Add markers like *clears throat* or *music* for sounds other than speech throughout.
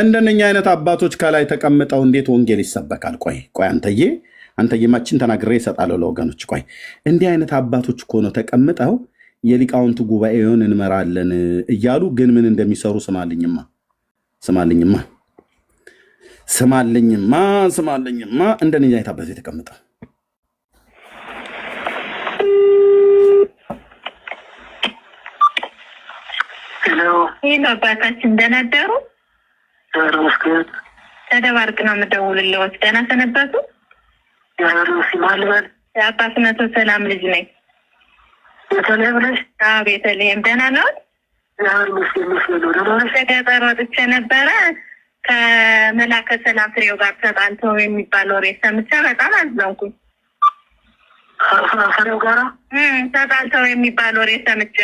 እንደነኛ አይነት አባቶች ከላይ ተቀምጠው እንዴት ወንጌል ይሰበካል? ቆይ ቆይ አንተዬ አንተ የማችን ተናግሬ ይሰጣለሁ ለወገኖች። ቆይ እንዲህ አይነት አባቶች እኮ ነው ተቀምጠው የሊቃውንቱ ጉባኤውን እንመራለን እያሉ ግን ምን እንደሚሰሩ ስማልኝማ፣ ስማልኝማ፣ ስማልኝማ፣ ስማልኝማ እንደነኛ አይነት አባቶች የተቀምጠው አባታችን እንደነበሩ ተደባርቅ ነው የምደውልልዎት። ደህና ሰነበቱ? አባት ሰላም ልጅ ነኝ። ቤተልሔም ደህና ነው። ገጠር ወጥቼ ነበረ ከመላከ ሰላም ፍሬው ጋር ተጣልተው የሚባል ወሬ ሰምቼ በጣም አዘንኩኝ። ፍሬው ጋራ ተጣልተው የሚባል ወሬ ሰምቼ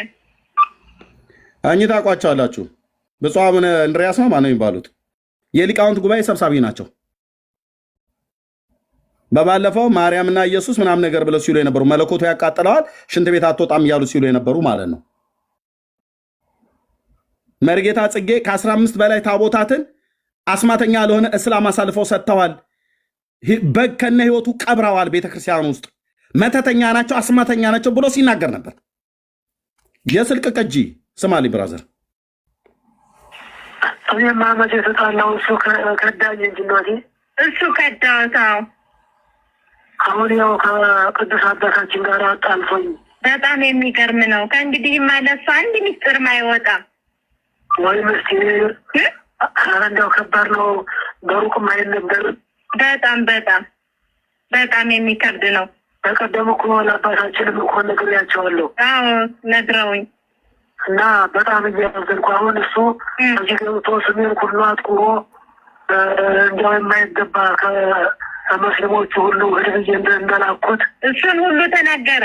እኚህ ታውቋቸዋላችሁ? ብፁዕ አቡነ እንድርያስ ነው ማነው የሚባሉት? የሊቃውንት ጉባኤ ሰብሳቢ ናቸው። በባለፈው ማርያምና ኢየሱስ ምናምን ነገር ብለው ሲሉ የነበሩ መለኮቱ ያቃጥለዋል፣ ሽንት ቤት አትወጣም እያሉ ሲሉ የነበሩ ማለት ነው። መርጌታ ጽጌ ከ15 በላይ ታቦታትን አስማተኛ ለሆነ እስላም አሳልፈው ሰጥተዋል። በግ ከነ ህይወቱ ቀብረዋል ቤተክርስቲያን ውስጥ። መተተኛ ናቸው፣ አስማተኛ ናቸው ብሎ ሲናገር ነበር። የስልክ ቅጂ ስማሊ ብራዘር እኔማ መቼ ተጣላሁ? እሱ ከዳኝ እንጂ እናቴ፣ እሱ ከዳዎት። አሁን ያው ከቅዱስ አባታችን ጋር አጣልፎኝ፣ በጣም የሚገርም ነው። ከእንግዲህ ማለሱ አንድ ሚስጥርም አይወጣም። ወይ መስቲ እንደው ከባድ ነው። በሩቅ ማየት ነበር። በጣም በጣም በጣም የሚከብድ ነው። በቀደም እኮ ለአባታችንም እኮ ነግሬያቸዋለሁ። አዎ ነግረውኝ እና በጣም እያመዘንኩ አሁን እሱ እዚህ ገብቶ ስሜን ሁሉ አጥቁሮ እንዲያው የማይገባ ከሙስሊሞቹ ሁሉ ህድብዬ እንደላኩት እሱን ሁሉ ተናገረ።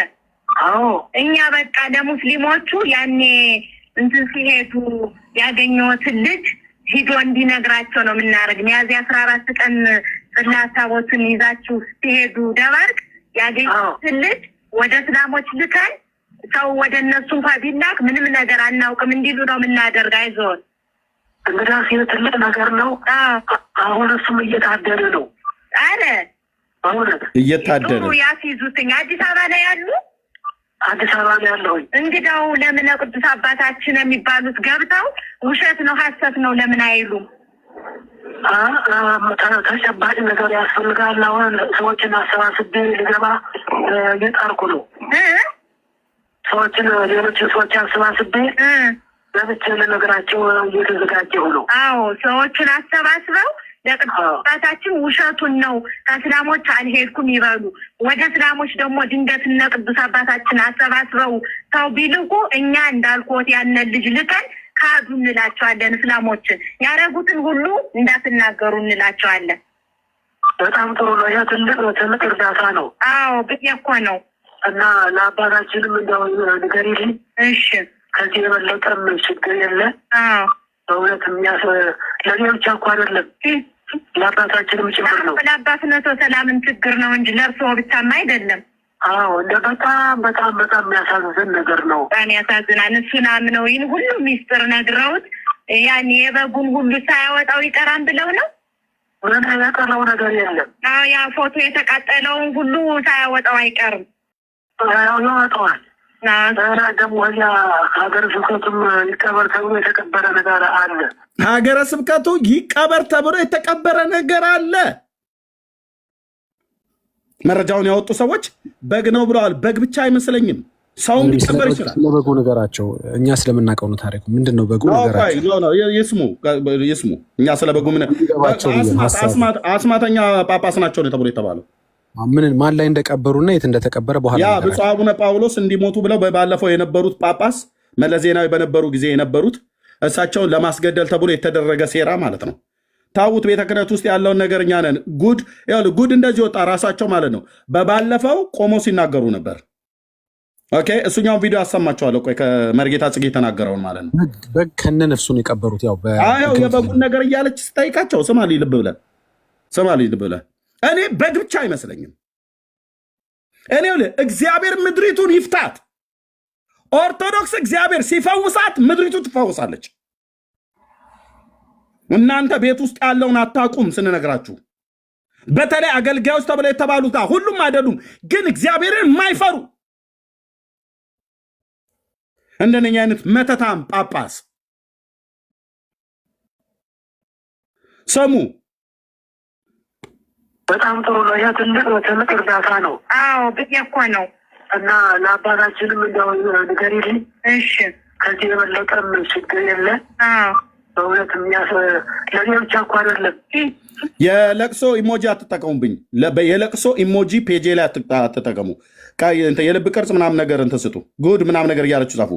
አዎ እኛ በቃ ለሙስሊሞቹ ያኔ እንትን ሲሄዱ ያገኘሁትን ልጅ ሂዶ እንዲነግራቸው ነው የምናደርግ። ሚያዝያ አስራ አራት ቀን ጽላ ይዛችሁ ስትሄዱ ደባርቅ ያገኘሁትን ልጅ ወደ እስላሞች ልከን ሰው ወደ እነሱ እንኳ ቢላክ ምንም ነገር አናውቅም እንዲሉ ነው የምናደርግ። አይዞን እንግዲህ ሲል ትልቅ ነገር ነው። አሁን እሱም እየታደረ ነው አለ እየታደለ ያስይዙትኝ። አዲስ አበባ ላይ ያሉ አዲስ አበባ ላይ ያለሁኝ እንግዳው ለምን ቅዱስ አባታችን የሚባሉት ገብተው ውሸት ነው ሀሰት ነው ለምን አይሉም? ተጨባጭ ነገር ያስፈልጋል። አሁን ሰዎችን አሰባስቤ ልገባ እየጣርኩ ነው ሰዎችን ሌሎችን ሰዎችን አሰባስቤ ለብቻ ለነገራቸው እየተዘጋጀሁ ነው። አዎ ሰዎችን አሰባስበው ለቅዱሳታችን ውሸቱን ነው ከእስላሞች አልሄድኩም ይበሉ። ወደ እስላሞች ደግሞ ድንገት እነ ቅዱስ አባታችን አሰባስበው ሰው ቢልቁ እኛ እንዳልኮት ያነ ልጅ ልከን ካዱ እንላቸዋለን። እስላሞችን ያደረጉትን ሁሉ እንዳትናገሩ እንላቸዋለን። በጣም ጥሩ ነው። ይህ ትልቅ ትልቅ እርዳታ ነው። አዎ ብዬ እኮ ነው። እና ለአባታችንም እንደው ነገር የለ እሺ፣ ከዚህ የበለጠም ችግር የለ። በእውነት የሚያስ ለእኔ ብቻ እኮ አይደለም ለአባታችንም ጭምር ነው። ለአባትነቶ ሰላምን ችግር ነው እንጂ ለእርስዎ ብቻማ አይደለም። አዎ እንደ በጣም በጣም በጣም የሚያሳዝን ነገር ነው። በጣም ያሳዝናል። እሱን አምነው ይህን ሁሉ ሚስጥር ነግረውት ያን የበጉን ሁሉ ሳያወጣው ይቀራም ብለው ነው። ምንም ያቀረው ነገር የለም። ያ ፎቶ የተቃጠለውን ሁሉ ሳያወጣው አይቀርም። ያወጣዋል። ደግሞ እዚያ ሀገረ ስብከቱም ይቀበር ተብሎ የተቀበረ ነገር አለ። ሀገረ ስብከቱ ይቀበር ተብሎ የተቀበረ ነገር አለ። መረጃውን ያወጡ ሰዎች በግ ነው ብለዋል። በግ ብቻ አይመስለኝም፣ ሰውም ሊቀበር ይችላል። በጉ ነገራቸው እኛ ስለምናውቀው ነው። ታሪኩ ምንድን ነው? በጉ ይስሙ ይስሙ። እኛ ስለበጉ በጉ ምን አስማተኛ ጳጳስ ናቸው ነው ተብሎ የተባለው ምን ማን ላይ እንደቀበሩና የት እንደተቀበረ በኋላ ያ ብፁዕ አቡነ ጳውሎስ እንዲሞቱ ብለው ባለፈው የነበሩት ጳጳስ መለስ ዜናዊ በነበሩ ጊዜ የነበሩት እሳቸውን ለማስገደል ተብሎ የተደረገ ሴራ ማለት ነው። ታውት ቤተ ክህነት ውስጥ ያለውን ነገር እኛ ነን። ጉድ ጉድ እንደዚህ ወጣ። ራሳቸው ማለት ነው በባለፈው ቆሞ ሲናገሩ ነበር። ኦኬ እሱኛውን ቪዲዮ አሰማቸዋለሁ። ቆይ ከመርጌታ ጽጌ የተናገረውን ማለት ነው። በግ ከነ ነፍሱን የቀበሩት ያው የበጉን ነገር እያለች ስጠይቃቸው ስማ ልብ ብለህ ስማ ልብ ብለን እኔ በግ ብቻ አይመስለኝም። እኔ እግዚአብሔር ምድሪቱን ይፍታት። ኦርቶዶክስ እግዚአብሔር ሲፈውሳት ምድሪቱ ትፈውሳለች። እናንተ ቤት ውስጥ ያለውን አታቁም ስንነግራችሁ፣ በተለይ አገልጋዮች ተብለው የተባሉት ሁሉም አይደሉም፣ ግን እግዚአብሔርን የማይፈሩ እንደነኛ አይነት መተታም ጳጳስ ሰሙ በጣም ጥሩ ነው። ያ ትልቅ ትልቅ እርዳታ ነው። አዎ ብዬ እኮ ነው እና ለአባታችንም እንደው ንገሪልኝ። እሺ ከዚህ የበለጠም ችግር የለ። በእውነት ለእኔ ብቻ እኮ አይደለም። የለቅሶ ኢሞጂ አትጠቀሙብኝ። የለቅሶ ኢሞጂ ፔጄ ላይ አትጠቀሙ። የልብ ቅርጽ ምናምን ነገር እንትን ስጡ። ጉድ ምናምን ነገር እያለችሁ ጻፉ።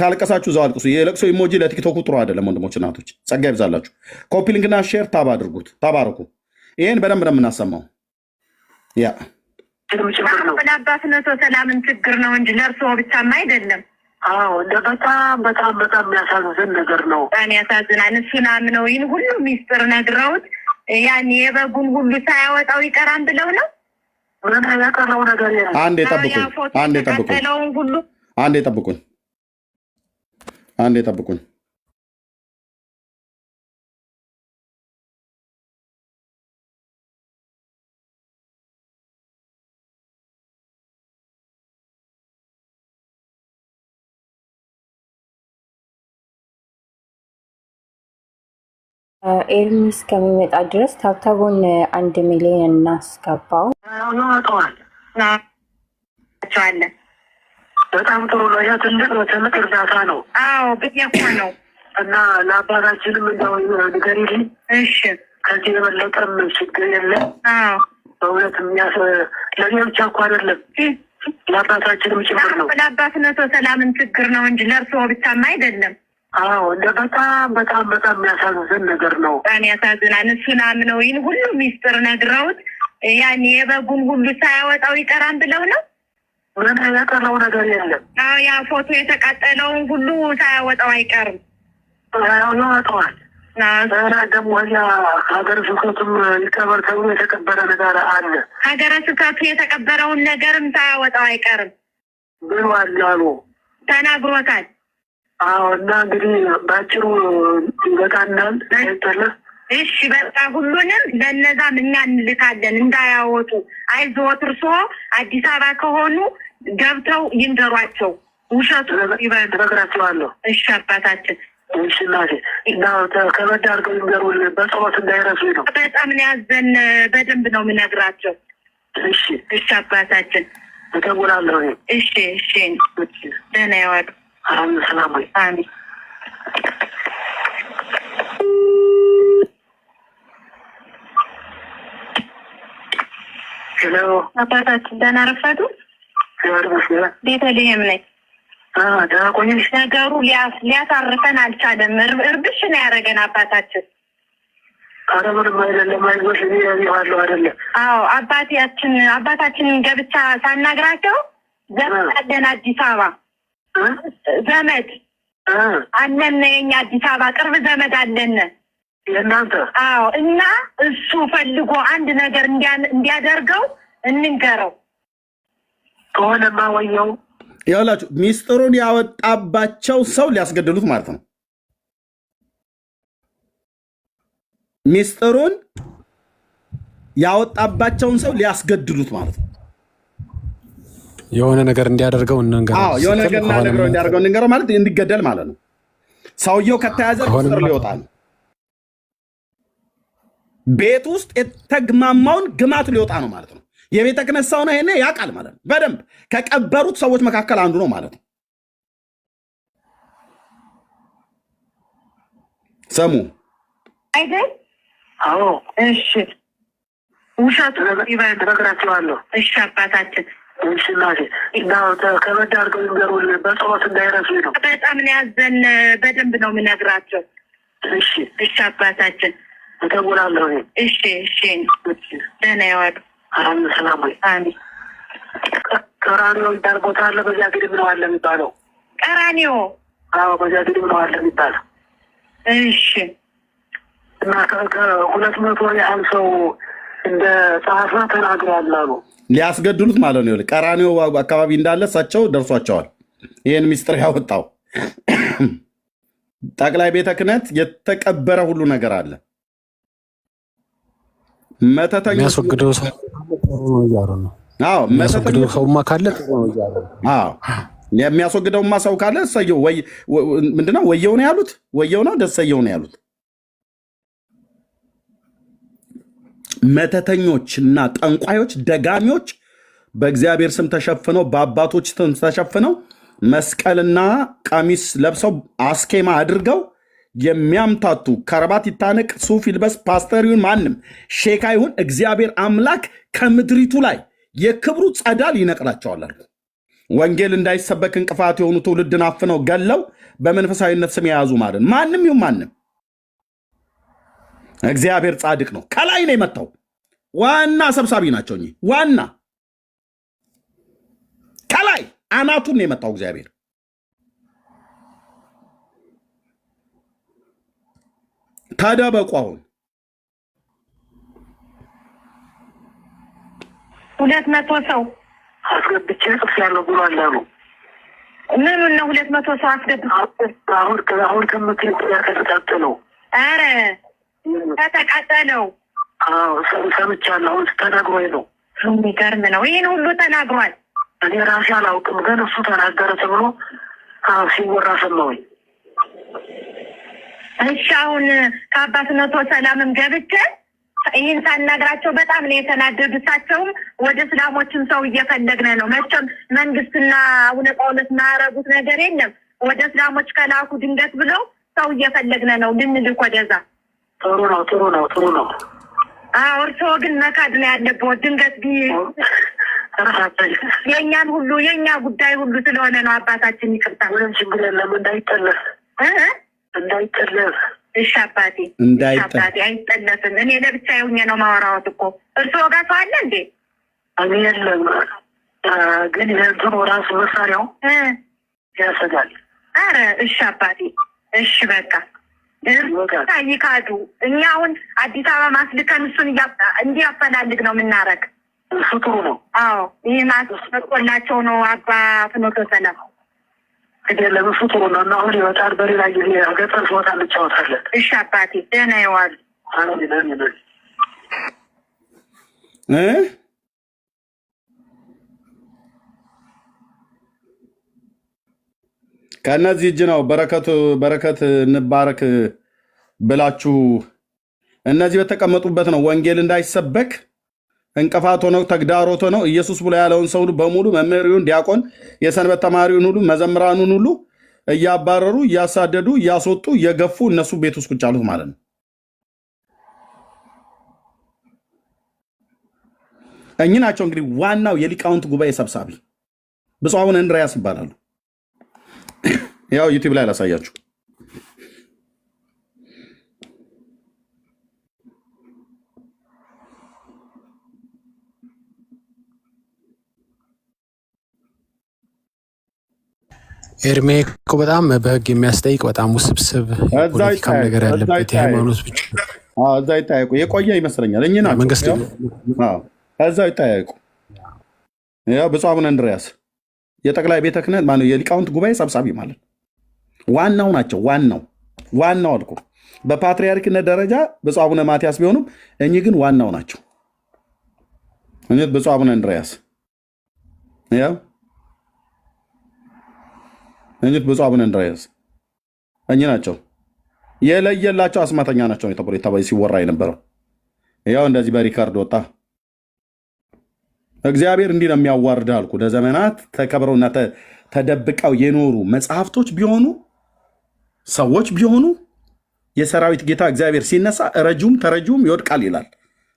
ካለቀሳችሁ እዛው አልቅሱ። የለቅሶ ኢሞጂ ለቲክቶኩ ጥሩ አይደለም። ወንድሞች እናቶች፣ ጸጋ ይብዛላችሁ። ኮፒ ሊንክና ሼር ታብ አድርጉት። ተባረኩ። ይህን በደንብ ነው የምናሰማው። ያ ለአባትነቶ ሰላምን ችግር ነው እንጂ ለእርስዎ ብቻም አይደለም። አዎ በጣም በጣም በጣም የሚያሳዝን ነገር ነው። በጣም ያሳዝናል። እሱን አምነው ይህን ሁሉ ሚስጥር ነግረውት ያን የበጉን ሁሉ ሳያወጣው ይቀራን ብለው ነው። ያቀረው ነገር አንዴ ጠብቁኝ፣ አንዴ ጠብቁኝ፣ አንዴ ጠብቁኝ፣ አንዴ ጠብቁኝ። ኤርሚስ ከሚመጣ ድረስ ታብታቡን አንድ ሚሊዮን እናስገባው። በጣም ጥሩ ነው። ያ ትልቅ ነው፣ ትልቅ እርዳታ ነው። አዎ ብዬሽ ነው። እና ለአባታችንም እንደው ንገሪልኝ። እሺ፣ ከዚህ የበለጠም ችግር የለም። በእውነት የሚያስ ለእኔ ብቻ እኮ አይደለም ለአባታችንም ችግር ነው። ለአባትነቶ ሰላምን ችግር ነው እንጂ ለእርስዎ ብቻማ አይደለም። አዎ እንደ በጣም በጣም በጣም የሚያሳዝን ነገር ነው። በጣም ያሳዝናል። እሱን አምነው ይህን ሁሉ ሚስጥር ነግረውት ያን የበጉን ሁሉ ሳያወጣው ይቀራም ብለው ነው። ምን ያቀረው ነገር የለም። ያ ፎቶ የተቃጠለውን ሁሉ ሳያወጣው አይቀርም። ያወጣዋል። ደግሞ ያ ሀገረ ስብከቱም ሊቀበር ተብሎ የተቀበረ ነገር አለ። ሀገረ ስብከቱ የተቀበረውን ነገርም ሳያወጣው አይቀርም ብሏል አሉ ተናግሮታል። አዎ። እና እንግዲህ በአጭሩ ይበቃናል። እሺ፣ በቃ ሁሉንም ለእነዛም እኛ እንልካለን እንዳያወጡ። አይዞት እርሶ አዲስ አበባ ከሆኑ ገብተው ይንገሯቸው። ውሸቱ ይበግራቸዋለሁ። እሺ አባታችን እሺ እናቴ እና ከበድ አድርገው ይንገሩን፣ በጸሎት እንዳይረሱ ነው። በጣም ነው ያዘን። በደንብ ነው የምነግራቸው። እሺ እሺ አባታችን እተጉላለሁ። እሺ እሺ፣ ደህና ይዋሉ። አባታችን ደህና ቤተልሔም ነኝ። ነገሩ ሊያሳርፈን አልቻለም። እርብሽ ነው ያደረገን አባታችን። አዎ አባታችን አባታችንን ገብቻ ሳናግራቸው ዘመን አዲስ አበባ ዘመድ አለነ የኛ አዲስ አበባ ቅርብ ዘመድ አለነ እናንተ። አዎ። እና እሱ ፈልጎ አንድ ነገር እንዲያደርገው እንንገረው ከሆነማ ወየው ያውላችሁ ሚስጥሩን ያወጣባቸው ሰው ሊያስገድሉት ማለት ነው። ሚስጥሩን ያወጣባቸውን ሰው ሊያስገድሉት ማለት ነው። የሆነ ነገር እንዲያደርገው እንንገረው፣ የሆነ ማለት እንዲገደል ማለት ነው። ሰውየው ከተያዘ ስር ሊወጣል። ቤት ውስጥ የተግማማውን ግማት ሊወጣ ነው ማለት ነው። የቤተ ክህነት ሰው ነው፣ ይሄኔ ያውቃል ማለት ነው። በደንብ ከቀበሩት ሰዎች መካከል አንዱ ነው ማለት ነው። ሰሙ አይደል? አዎ። እሺ፣ ውሸቱ ነግራቸዋለሁ። እሺ አባታችን ሽናሴ ከበድ አድርገው ይንገሩ፣ በጸሎት ነው። በጣም ያዘን። በደንብ ነው የምነግራቸው። እሺ፣ እሺ አባታችን እደውላለሁ። እሺ፣ እሺ፣ ደህና ይዋሉ። አሁን ሰላም ወይ? አሜን። ቀራኒዮ ይባል ቦታ አለ። በዚያ ግድብ ነው አለ የሚባለው። ቀራኒዮ? አዎ፣ በዚያ ግድብ ነው አለ የሚባለው። እሺ። እና ከሁለት መቶ ያህል ሰው እንደ ጸሐፊ ተናግሯል አሉ ሊያስገድሉት ማለት ነው። ቀራኒዮ አካባቢ እንዳለ እሳቸው ደርሷቸዋል። ይህን ሚስጥር ያወጣው *clears throat* ጠቅላይ ቤተ ክህነት የተቀበረ ሁሉ ነገር አለ። የሚያስወግደውማ ሰው ካለ ምንድነው ወየው ነው ያሉት? ወየው ነው ደሰየው ነው ያሉት። መተተኞችና ጠንቋዮች፣ ደጋሚዎች በእግዚአብሔር ስም ተሸፍነው በአባቶች ስም ተሸፍነው መስቀልና ቀሚስ ለብሰው አስኬማ አድርገው የሚያምታቱ ከረባት ይታነቅ፣ ሱፍ ይልበስ፣ ፓስተር ይሁን፣ ማንም ሼካ ይሁን እግዚአብሔር አምላክ ከምድሪቱ ላይ የክብሩ ጸዳል ይነቅላቸዋል። ወንጌል እንዳይሰበክ እንቅፋት የሆኑ ትውልድን አፍነው ገለው በመንፈሳዊነት ስም የያዙ ማለት ማንም ይሁን ማንም እግዚአብሔር ጻድቅ ነው። ከላይ ነው የመጣው። ዋና ሰብሳቢ ናቸው እኚህ። ዋና ከላይ አናቱን ነው የመጣው እግዚአብሔር። ተደበቁ። አሁን ሁለት መቶ ሰው አስገብቼ ጽፍ ያለው ብሎ አላሉ ምኑ ነው? ሁለት መቶ ሰው አስገብ አሁን ከምትል ከተጣጠለው ኧረ ተተቀጠለው። አዎ ሰምቻለሁ። አሁን ነው። የሚገርም ነው። ይህን ሁሉ ተናግሯል። እኔ ራሴ አላውቅም፣ ግን እሱ ተናገረ ተብሎ ሲወራ ሰማሁኝ። እሺ አሁን ከአባትነቶ ሰላምም ገብቼ ይህን ሳናግራቸው በጣም ነው የተናደዱ። እሳቸውም ወደ እስላሞችም ሰው እየፈለግን ነው። መቼም መንግስትና አቡነ ጳውሎስ ማያረጉት ነገር የለም። ወደ እስላሞች ከላኩ ድንገት ብለው ሰው እየፈለግን ነው ልንልክ ወደዛ ጥሩ ነው፣ ጥሩ ነው፣ ጥሩ ነው። አዎ እርሶ ግን መካድ ላይ ያለበት ድንገት የእኛን ሁሉ የእኛ ጉዳይ ሁሉ ስለሆነ ነው። አባታችን ይቅርታ። ምንም ችግር የለም። እንዳይጠለፍ እንዳይጠለፍ። እሺ አባቴ፣ አባቴ አይጠለፍም። እኔ ለብቻ የሁኜ ነው ማወራወት እኮ እርስዎ ጋር ሰው አለ እንዴ? እኔ የለም፣ ግን የእንትኑ ራሱ መሳሪያው ያሰጋል። አረ እሺ አባቴ፣ እሺ በቃ ልብሱን ይካዱ። እኛ አሁን አዲስ አበባ ማስልከን እሱን እንዲያፈላልግ ነው የምናረግ። እሱ ነው። አዎ ይህ ማስመቆላቸው ነው። አባ ፍኖተ ሰላም የለም እሱ ጥሩ ነው እና አሁን ይወጣል። በሌላ ጊዜ ገጠር ሲወጣ እንጫወታለን። እሺ አባቴ ደህና ይዋሉ። ከእነዚህ እጅ ነው በረከቱ በረከት እንባረክ ብላችሁ እነዚህ በተቀመጡበት ነው ወንጌል እንዳይሰበክ እንቅፋት ሆነው ተግዳሮት ሆነው ኢየሱስ ብሎ ያለውን ሰው በሙሉ መምህሪውን፣ ዲያቆን፣ የሰንበት ተማሪውን ሁሉ መዘምራኑን ሁሉ እያባረሩ እያሳደዱ እያስወጡ እየገፉ እነሱ ቤት ውስጥ ቁጭ አሉት ማለት ነው። እኚህ ናቸው እንግዲህ ዋናው የሊቃውንት ጉባኤ ሰብሳቢ ብፁዕ አቡነ እንድርያስ ይባላሉ። ያው ዩቲብ ላይ አላሳያችሁ። ኤርሜ እኮ በጣም በህግ የሚያስጠይቅ በጣም ውስብስብ ፖለቲካ ነገር ያለበት የሃይማኖት ብቻ እዛ ይጠያየቁ የቆየ ይመስለኛል። እኚህ ናቸው መንግስት እዛ ይጠያየቁ። ያው ብፁዕ አቡነ እንድርያስ የጠቅላይ ቤተ ክህነት የሊቃውንት ጉባኤ ሰብሳቢ ማለት ነው። ዋናው ናቸው። ዋናው ዋናው አልኩ በፓትሪያርክነት ደረጃ ብፁዕ አቡነ ማትያስ ቢሆኑም እኚህ ግን ዋናው ናቸው። ብፁዕ አቡነ እንድርያስ እኚህ ብፁዕ አቡነ እንድርያስ እኚህ ናቸው የለየላቸው አስማተኛ ናቸው ተብሎ የተባይ ሲወራ የነበረው ያው እንደዚህ በሪካርድ ወጣ። እግዚአብሔር እንዲህ ነው የሚያዋርድ አልኩ። ለዘመናት ተከብረውና ተደብቀው የኖሩ መጽሐፍቶች ቢሆኑ ሰዎች ቢሆኑ የሰራዊት ጌታ እግዚአብሔር ሲነሳ ረጁም ተረጁም ይወድቃል ይላል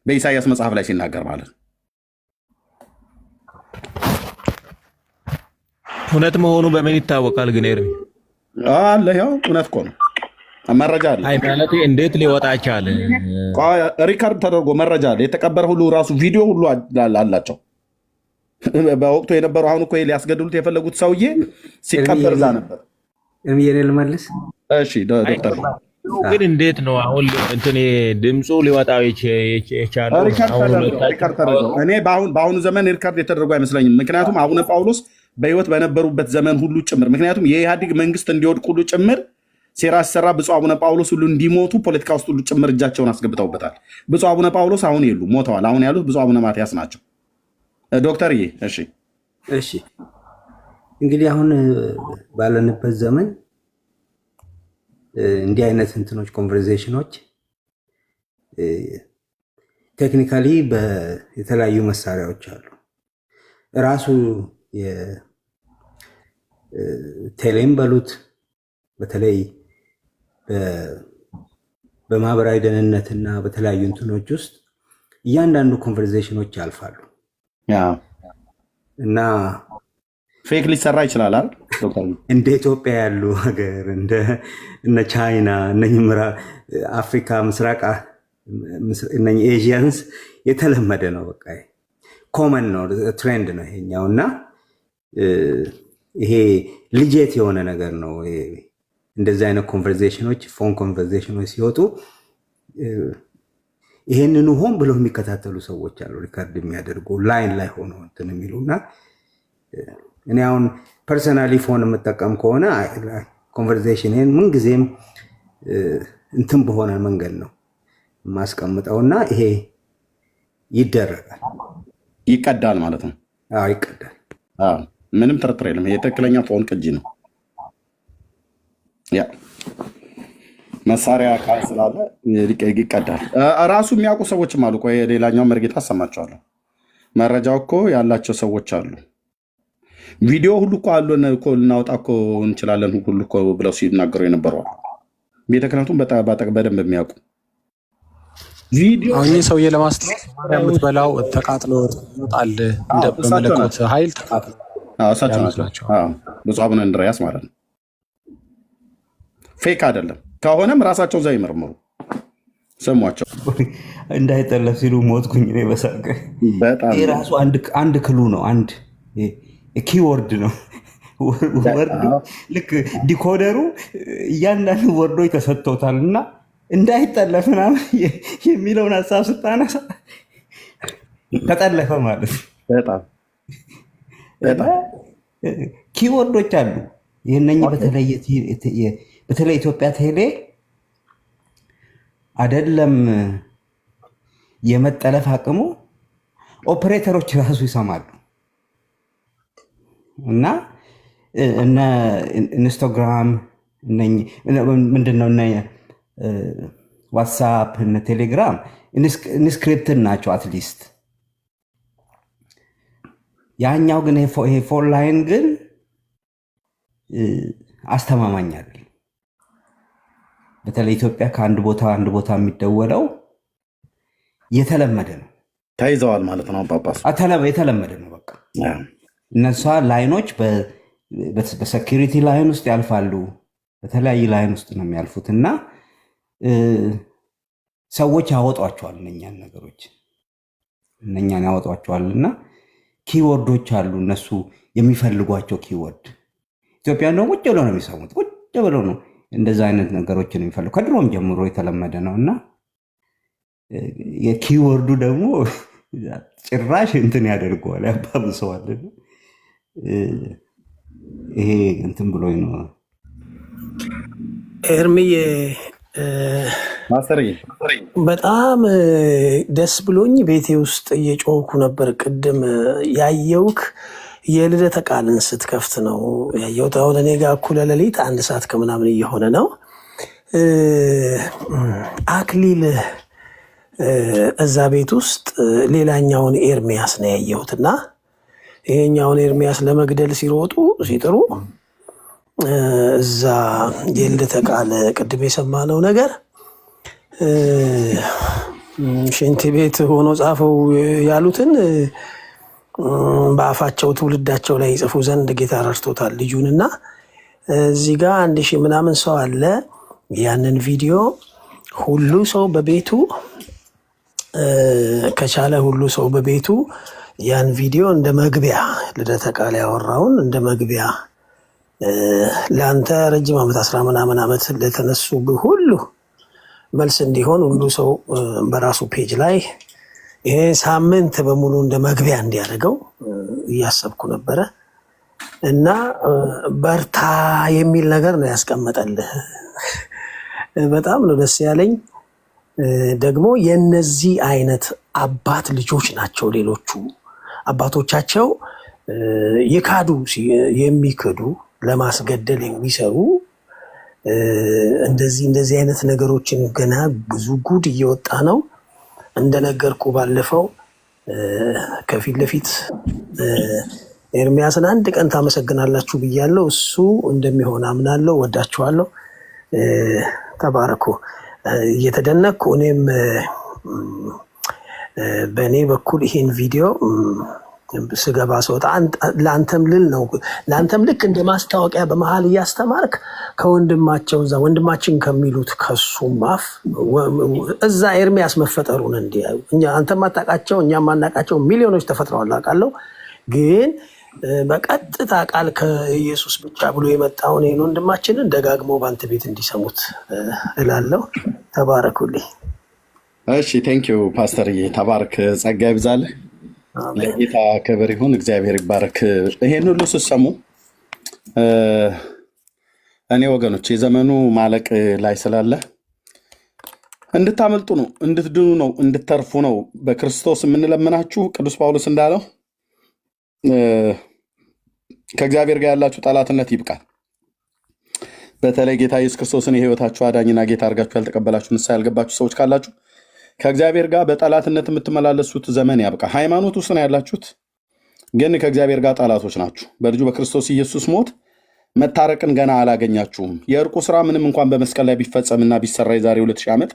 በኢሳያስ መጽሐፍ ላይ ሲናገር ማለት ነው። እውነት መሆኑ በምን ይታወቃል? ግን ኤርሚ አለ ያው እውነት እኮ ነው መረጃ አለ። ማለት እንዴት ሊወጣ ቻለ? ሪከርድ ተደርጎ መረጃ አለ። የተቀበረ ሁሉ ራሱ ቪዲዮ ሁሉ አላቸው። በወቅቱ የነበሩ አሁን እኮ ሊያስገድሉት የፈለጉት ሰውዬ ሲቀበር እዛ ነበር። የኔ ልመልስ እሺ ዶክተር ግን እንዴት ነው አሁን እንትን ድምፁ ሊወጣው የቻለው? በአሁኑ ዘመን ሪከርድ የተደረጉ አይመስለኝም። ምክንያቱም አቡነ ጳውሎስ በህይወት በነበሩበት ዘመን ሁሉ ጭምር ምክንያቱም የኢህአዲግ መንግስት እንዲወድቅ ሁሉ ጭምር ሴራ ሲሰራ ብፁ አቡነ ጳውሎስ ሁሉ እንዲሞቱ ፖለቲካ ውስጥ ሁሉ ጭምር እጃቸውን አስገብተውበታል። ብፁ አቡነ ጳውሎስ አሁን የሉ ሞተዋል። አሁን ያሉት ብፁ አቡነ ማትያስ ናቸው። ዶክተርዬ እሺ እሺ እንግዲህ አሁን ባለንበት ዘመን እንዲህ አይነት እንትኖች ኮንቨርዜሽኖች ቴክኒካሊ የተለያዩ መሳሪያዎች አሉ። ራሱ ቴሌም በሉት በተለይ በማህበራዊ ደህንነትና በተለያዩ እንትኖች ውስጥ እያንዳንዱ ኮንቨርዜሽኖች ያልፋሉ እና ፌክ ሊሰራ ይችላል አይደል እንደ ኢትዮጵያ ያሉ ሀገር እነ ቻይና እነ አፍሪካ ምስራቅ እነ ኤዥያንስ የተለመደ ነው። በቃ ኮመን ነው፣ ትሬንድ ነው ይሄኛው እና ይሄ ልጄት የሆነ ነገር ነው። እንደዚህ አይነት ኮንቨርዜሽኖች፣ ፎን ኮንቨርዜሽኖች ሲወጡ ይሄንን ሆን ብለው የሚከታተሉ ሰዎች አሉ፣ ሪካርድ የሚያደርጉ ላይን ላይ ሆነው እንትን የሚሉ እና እኔ አሁን ፐርሰናሊ ፎን የምጠቀም ከሆነ ኮንቨርዜሽንን ምንጊዜም እንትን በሆነ መንገድ ነው የማስቀምጠውና ይሄ ይደረጋል፣ ይቀዳል ማለት ነው። ይቀዳል። ምንም ጥርጥር የለም። ይሄ ትክክለኛ ፎን ቅጂ ነው። ያ መሳሪያ ካል ስላለ ይቀዳል። ራሱ የሚያውቁ ሰዎችም አሉ። ቆይ ሌላኛው መርጌታ አሰማቸዋለሁ። መረጃው እኮ ያላቸው ሰዎች አሉ። ቪዲዮ ሁሉ እኮ አለን እኮ ልናወጣ እኮ እንችላለን ሁሉ እኮ ብለው ሲናገሩ የነበረው ቤተ ክህነቱን በደንብ የሚያውቁ እኚህ ሰውዬ ለማስተማር የምትበላው ተቃጥሎ ይወጣል በመለኮት ኃይል ተቃጥሎ እሳቸው ናቸው። ብፁዕ አቡነ እንድርያስ ማለት ነው። ፌክ አይደለም። ከሆነም ራሳቸው እዛ ይመርምሩ። ሰሟቸው እንዳይጠለፍ ሲሉ ሞትኩኝ በሳቅ። በጣም ራሱ አንድ ክሉ ነው አንድ ኪወርድ ነው ወርዱ። ልክ ዲኮደሩ እያንዳንዱ ወርዶች ተሰጥቶታል እና እንዳይጠለፍ ምናምን የሚለውን ሀሳብ ስታነሳ ተጠለፈ ማለት ኪወርዶች አሉ። ይህነኝ በተለይ ኢትዮጵያ ቴሌ አይደለም የመጠለፍ አቅሙ ኦፕሬተሮች ራሱ ይሰማሉ። እና እነ ኢንስታግራም ምንድነው እነ ዋትሳፕ እነ ቴሌግራም ኢንስክሪፕትን ናቸው አትሊስት ያኛው ግን ይሄ ላይን ግን አስተማማኝ አይደል። በተለይ ኢትዮጵያ ከአንድ ቦታ አንድ ቦታ የሚደወለው የተለመደ ነው። ተይዘዋል ማለት ነው። የተለመደ ነው በቃ እነሷ ላይኖች በሰኪሪቲ ላይን ውስጥ ያልፋሉ። በተለያየ ላይን ውስጥ ነው የሚያልፉት እና ሰዎች ያወጧቸዋል እነኛን ነገሮች እነኛን ያወጧቸዋል እና ኪወርዶች አሉ እነሱ የሚፈልጓቸው ኪወርድ ኢትዮጵያን ደግሞ ቁጭ ብለው ነው የሚሰሙት። ቁጭ ብለው ነው እንደዛ አይነት ነገሮችን የሚፈልጉ ከድሮም ጀምሮ የተለመደ ነው እና የኪወርዱ ደግሞ ጭራሽ እንትን ያደርገዋል ያባብሰዋል። ይሄ እንትን ብሎ ነው በጣም ደስ ብሎኝ ቤቴ ውስጥ እየጮኩ ነበር። ቅድም ያየውክ የልደተ ቃልን ስትከፍት ነው ያየውት። አሁን እኔ ጋር እኩለ ሌሊት አንድ ሰዓት ከምናምን እየሆነ ነው። አክሊል እዛ ቤት ውስጥ ሌላኛውን ኤርሚያስ ነው ያየሁት እና ይሄኛውን ኤርሚያስ ለመግደል ሲሮጡ ሲጥሩ እዛ የልደተ ቃል ቅድም የሰማነው ነገር ሽንት ቤት ሆኖ ጻፈው ያሉትን በአፋቸው ትውልዳቸው ላይ ይጽፉ ዘንድ ጌታ ረድቶታል ልጁንና እዚህ ጋር አንድ ሺህ ምናምን ሰው አለ። ያንን ቪዲዮ ሁሉ ሰው በቤቱ ከቻለ ሁሉ ሰው በቤቱ ያን ቪዲዮ እንደ መግቢያ ልደተ ቃል ያወራውን እንደ መግቢያ ለአንተ ረጅም ዓመት አስራ ምናምን ዓመት ለተነሱ ሁሉ መልስ እንዲሆን ሁሉ ሰው በራሱ ፔጅ ላይ ይሄ ሳምንት በሙሉ እንደ መግቢያ እንዲያደርገው እያሰብኩ ነበረ እና በርታ የሚል ነገር ነው ያስቀመጠልህ። በጣም ነው ደስ ያለኝ። ደግሞ የነዚህ አይነት አባት ልጆች ናቸው ሌሎቹ አባቶቻቸው የካዱ የሚክዱ ለማስገደል የሚሰሩ እንደዚህ እንደዚህ አይነት ነገሮችን ገና ብዙ ጉድ እየወጣ ነው። እንደነገርኩ ባለፈው ከፊት ለፊት ኤርሚያስን አንድ ቀን ታመሰግናላችሁ ብያለሁ። እሱ እንደሚሆን አምናለሁ። ወዳችኋለሁ። ተባረኩ። እየተደነቅኩ እኔም በእኔ በኩል ይሄን ቪዲዮ ስገባ ስወጣ ለአንተም ልል ነው። ለአንተም ልክ እንደ ማስታወቂያ በመሀል እያስተማርክ ከወንድማቸው እዛ ወንድማችን ከሚሉት ከሱም አፍ እዛ ኤርሚያስ መፈጠሩን እንዲያዩ አንተም ማታውቃቸው እኛም ማናውቃቸው ሚሊዮኖች ተፈጥረዋል አውቃለሁ። ግን በቀጥታ ቃል ከኢየሱስ ብቻ ብሎ የመጣውን ይህን ወንድማችንን ደጋግሞ በአንተ ቤት እንዲሰሙት እላለሁ። ተባረኩልኝ። እሺ ቴንኪዩ ፓስተርዬ፣ ተባርክ፣ ጸጋ ይብዛልህ። ለጌታ ክብር ይሁን፣ እግዚአብሔር ይባርክ። ይሄን ሁሉ ስትሰሙ እኔ ወገኖች የዘመኑ ማለቅ ላይ ስላለ እንድታመልጡ ነው፣ እንድትድኑ ነው፣ እንድተርፉ ነው በክርስቶስ የምንለምናችሁ። ቅዱስ ጳውሎስ እንዳለው ከእግዚአብሔር ጋር ያላችሁ ጠላትነት ይብቃል። በተለይ ጌታ ኢየሱስ ክርስቶስን የህይወታችሁ አዳኝና ጌታ አድርጋችሁ ያልተቀበላችሁ ንስሐ ያልገባችሁ ሰዎች ካላችሁ ከእግዚአብሔር ጋር በጠላትነት የምትመላለሱት ዘመን ያብቃ። ሃይማኖት ውስጥ ነው ያላችሁት፣ ግን ከእግዚአብሔር ጋር ጠላቶች ናችሁ። በልጁ በክርስቶስ ኢየሱስ ሞት መታረቅን ገና አላገኛችሁም። የእርቁ ስራ ምንም እንኳን በመስቀል ላይ ቢፈጸምና ቢሰራ የዛሬ ሁለት ዓመት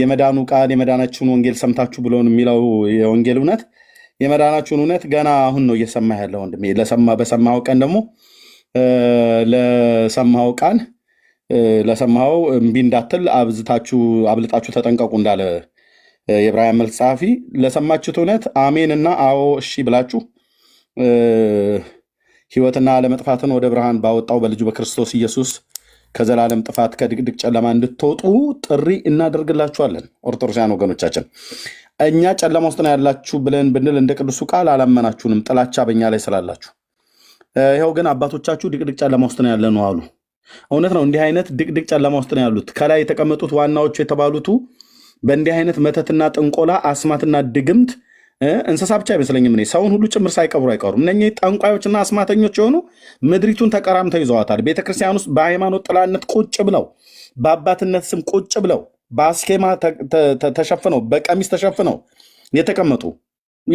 የመዳኑ ቃል የመዳናችሁን ወንጌል ሰምታችሁ ብሎን የሚለው የወንጌል እውነት የመዳናችሁን እውነት ገና አሁን ነው እየሰማ ያለ ወንድሜ። በሰማው ቀን ደግሞ ለሰማው ቃል ለሰማኸው እምቢ እንዳትል አብዝታችሁ አብልጣችሁ ተጠንቀቁ እንዳለ የዕብራውያን መልእክት ጸሐፊ ለሰማችሁት እውነት አሜን እና አዎ እሺ ብላችሁ ህይወትና አለመጥፋትን ወደ ብርሃን ባወጣው በልጁ በክርስቶስ ኢየሱስ ከዘላለም ጥፋት ከድቅድቅ ጨለማ እንድትወጡ ጥሪ እናደርግላችኋለን። ኦርቶዶክሳውያን ወገኖቻችን እኛ ጨለማ ውስጥ ነው ያላችሁ ብለን ብንል እንደ ቅዱሱ ቃል አላመናችሁንም፣ ጥላቻ በእኛ ላይ ስላላችሁ። ይኸው ግን አባቶቻችሁ ድቅድቅ ጨለማ ውስጥ ነው ያለ ነው አሉ። እውነት ነው። እንዲህ አይነት ድቅድቅ ጨለማ ውስጥ ነው ያሉት። ከላይ የተቀመጡት ዋናዎቹ የተባሉቱ በእንዲህ አይነት መተትና ጥንቆላ፣ አስማትና ድግምት እንስሳ ብቻ አይመስለኝም እኔ ሰውን ሁሉ ጭምር ሳይቀብሩ አይቀሩም። እነኚህ ጠንቋዮችና አስማተኞች የሆኑ ምድሪቱን ተቀራምተው ይዘዋታል። ቤተክርስቲያን ውስጥ በሃይማኖት ጥላነት ቁጭ ብለው፣ በአባትነት ስም ቁጭ ብለው፣ በአስኬማ ተሸፍነው፣ በቀሚስ ተሸፍነው የተቀመጡ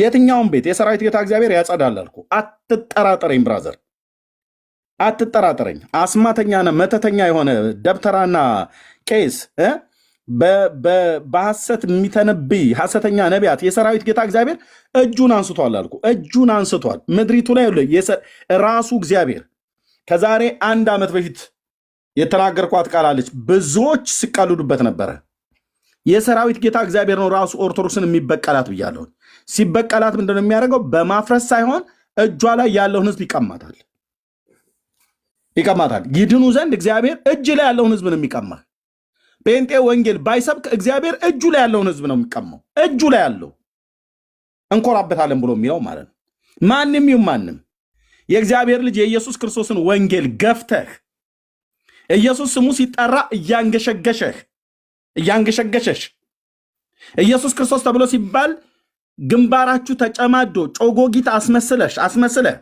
የትኛውን ቤት የሰራዊት ጌታ እግዚአብሔር ያጸዳል አልኩ። አትጠራጠረኝ ብራዘር። አትጠራጠረኝ። አስማተኛ ነ መተተኛ የሆነ ደብተራና ቄስ በሐሰት የሚተነብይ ሐሰተኛ ነቢያት የሰራዊት ጌታ እግዚአብሔር እጁን አንስቷል አልኩ። እጁን አንስቷል ምድሪቱ ላይ ራሱ እግዚአብሔር ከዛሬ አንድ ዓመት በፊት የተናገርኳት ቃል አለች። ብዙዎች ሲቀልዱበት ነበረ። የሰራዊት ጌታ እግዚአብሔር ነው ራሱ ኦርቶዶክስን የሚበቀላት ብያለሁ። ሲበቀላት ምንድነው የሚያደርገው? በማፍረስ ሳይሆን እጇ ላይ ያለውን ህዝብ ይቀማታል። ይቀማታል። ይድኑ ዘንድ እግዚአብሔር እጅ ላይ ያለውን ህዝብ ነው የሚቀማ ጴንጤ ወንጌል ባይሰብክ እግዚአብሔር እጁ ላይ ያለውን ህዝብ ነው የሚቀማው። እጁ ላይ ያለው እንኮራበታለን ብሎ የሚለው ማለት ነው። ማንም ይሁን ማንም የእግዚአብሔር ልጅ የኢየሱስ ክርስቶስን ወንጌል ገፍተህ ኢየሱስ ስሙ ሲጠራ እያንገሸገሸህ እያንገሸገሸሽ ኢየሱስ ክርስቶስ ተብሎ ሲባል ግንባራችሁ ተጨማዶ ጮጎጊት አስመስለሽ አስመስለህ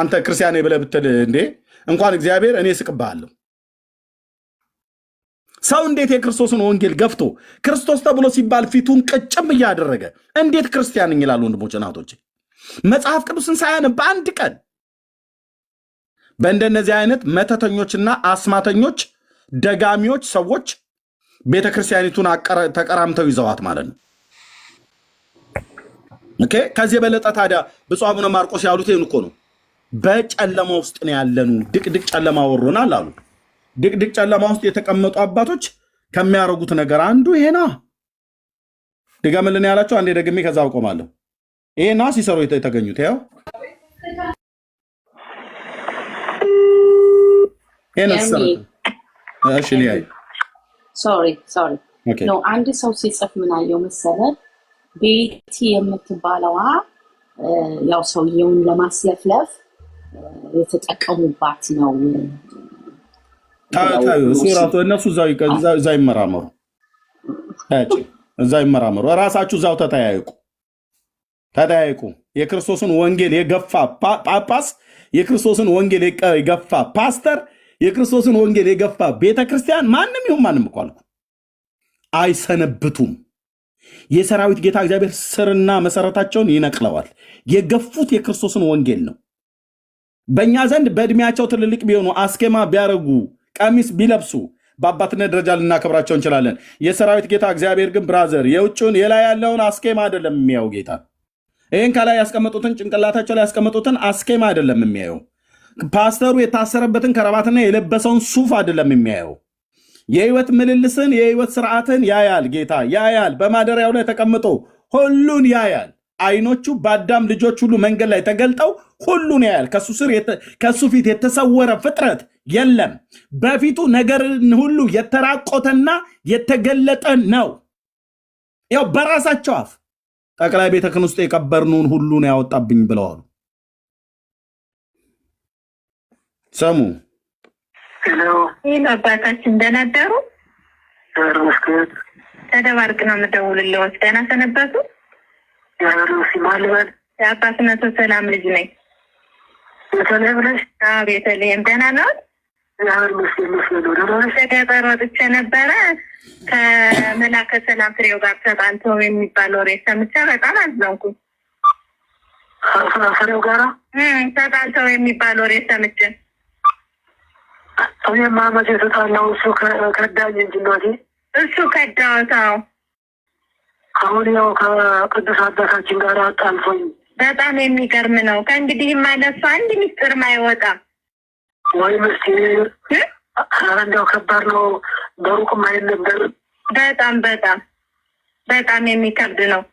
አንተ ክርስቲያን ብለህ ብትል እንዴ እንኳን እግዚአብሔር እኔ ስቅብሃለሁ። ሰው እንዴት የክርስቶስን ወንጌል ገፍቶ ክርስቶስ ተብሎ ሲባል ፊቱን ቅጭም እያደረገ እንዴት ክርስቲያንኝ ይላሉ? ወንድሞች እናቶቼ፣ መጽሐፍ ቅዱስን ሳያነብ በአንድ ቀን በእንደነዚህ አይነት መተተኞችና አስማተኞች ደጋሚዎች ሰዎች ቤተ ክርስቲያኒቱን ተቀራምተው ይዘዋት ማለት ነው። ኦኬ። ከዚህ የበለጠ ታዲያ ብፁዕ አቡነ ማርቆስ ያሉት ይህን እኮ ነው። በጨለማ ውስጥ ነው ያለኑ፣ ድቅድቅ ጨለማ ወሮናል አሉ። ድቅድቅ ጨለማ ውስጥ የተቀመጡ አባቶች ከሚያደርጉት ነገር አንዱ ይሄና ድገምልን ያላቸው አንዴ ደግሜ ከዛ አውቆማለሁ። ይሄና ሲሰሩ የተገኙት ያው አንድ ሰው ሲጽፍ ምናየው መሰለ፣ ቤቲ የምትባለዋ ያው ሰውየውን ለማስለፍለፍ የተጠቀሙባት ነው። ታዩ እነሱ እዛ ይመራመሩ እዛ ይመራመሩ። እራሳችሁ እዛው ተጠያይቁ ተጠያይቁ። የክርስቶስን ወንጌል የገፋ ጳጳስ፣ የክርስቶስን ወንጌል የገፋ ፓስተር፣ የክርስቶስን ወንጌል የገፋ ቤተክርስቲያን ማንም ይሁን ማንም እኮ አልኩ አይሰነብቱም። የሰራዊት ጌታ እግዚአብሔር ስርና መሰረታቸውን ይነቅለዋል። የገፉት የክርስቶስን ወንጌል ነው። በእኛ ዘንድ በእድሜያቸው ትልልቅ ቢሆኑ አስኬማ ቢያደርጉ ቀሚስ ቢለብሱ በአባትነት ደረጃ ልናከብራቸው እንችላለን። የሰራዊት ጌታ እግዚአብሔር ግን ብራዘር የውጭውን የላይ ያለውን አስኬማ አይደለም የሚያየው ጌታ። ይህን ከላይ ያስቀመጡትን ጭንቅላታቸው ላይ ያስቀመጡትን አስኬማ አይደለም የሚያየው። ፓስተሩ የታሰረበትን ከረባትና የለበሰውን ሱፍ አይደለም የሚያየው። የህይወት ምልልስን የህይወት ስርዓትን ያያል ጌታ ያያል። በማደሪያው ላይ ተቀምጦ ሁሉን ያያል። አይኖቹ በአዳም ልጆች ሁሉ መንገድ ላይ ተገልጠው ሁሉን ያያል። ከሱ ስር ከሱ ፊት የተሰወረ ፍጥረት የለም። በፊቱ ነገርን ሁሉ የተራቆተና የተገለጠ ነው። ያው በራሳቸው አፍ ጠቅላይ ቤተ ክህነት ውስጥ የቀበርነውን ሁሉ ነው ያወጣብኝ ብለዋሉ። ሰሙ አባታችን ደህና አደሩ። ተደባርቅ ነው የምደውልልዎት። ደህና ሰነበቱ። የአብሬሲ ማልበል የአባትነቱ ሰላም ልጅ ነኝ። በተለይ ብለሽ ቤተልሔም ደህና መስል መስል ገጠር ወጥቼ ነበረ ከመላከ ሰላም ፍሬው ጋር ተጣልተው የሚባል ወሬ ሰምቼ በጣም አዘንኩኝ። ፍሬው ጋራ ተጣልተው የሚባል ወሬ ሰምቼ እሱ ከዳኝ እንጂ እናቴ እሱ አሁን ያው ከቅዱስ አባታችን ጋር አጣልፎኝ በጣም የሚገርም ነው። ከእንግዲህ ማለሱ አንድ ሚስጥር ማይወጣ ወይ ምስጢር እንደው ከባድ ነው። በሩቅም አይነበር በጣም በጣም በጣም የሚከብድ ነው።